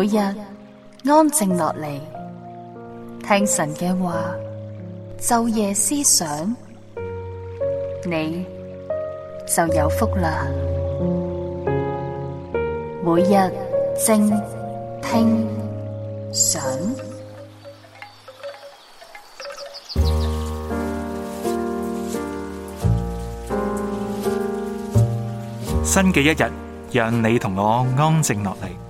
每日安靜落嚟，聽神嘅話，晝夜思想，你就有福啦。每日靜聽想，新嘅一日，讓你同我安靜落嚟。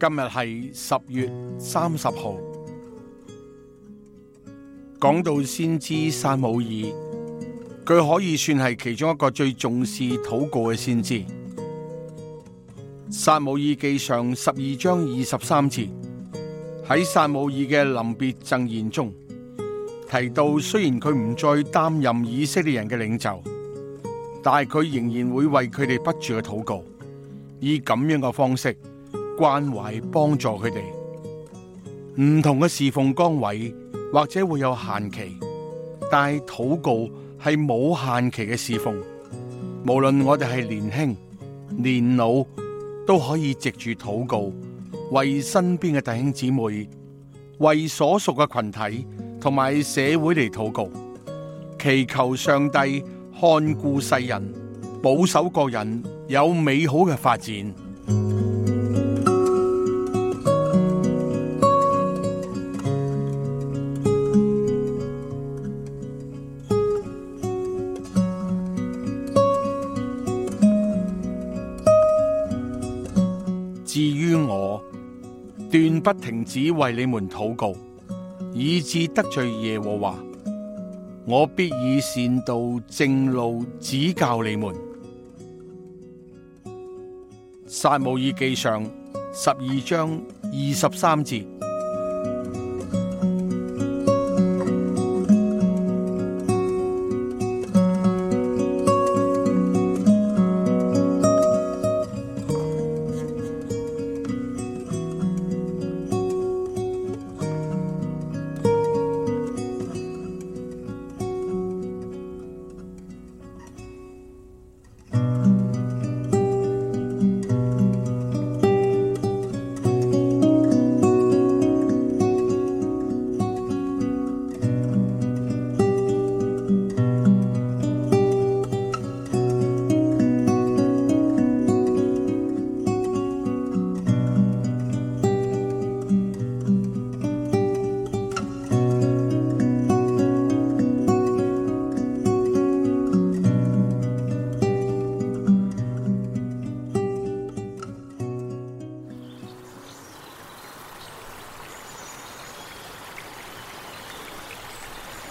今日係十月三十號。講到先知撒母耳，佢可以算係其中一個最重視禱告嘅先知。撒母耳記上十二章二十三節，喺撒母耳嘅臨別贈言中提到，雖然佢唔再擔任以色列人嘅領袖，但係佢仍然會為佢哋不住嘅禱告，以咁樣嘅方式。關懷幫助佢哋，唔同嘅侍奉崗位或者會有限期，但係禱告係冇限期嘅侍奉。無論我哋係年輕年老，都可以藉住禱告，為身邊嘅弟兄姊妹，為所屬嘅群體同埋社會嚟禱告，祈求上帝看顧世人，保守各人有美好嘅發展。至於我，斷不停止為你們禱告，以致得罪耶和華。我必以善道正路指教你們。撒母耳記上十二章二十三節。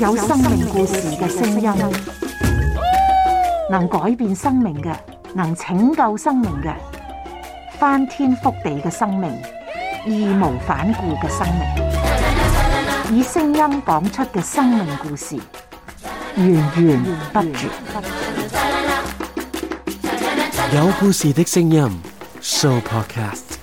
有生命故事嘅聲音，能改變生命嘅，能拯救生命嘅，翻天覆地嘅生命，義無反顧嘅生命，以聲音講出嘅生命故事，源源不絕。有故事的聲音，So Podcast。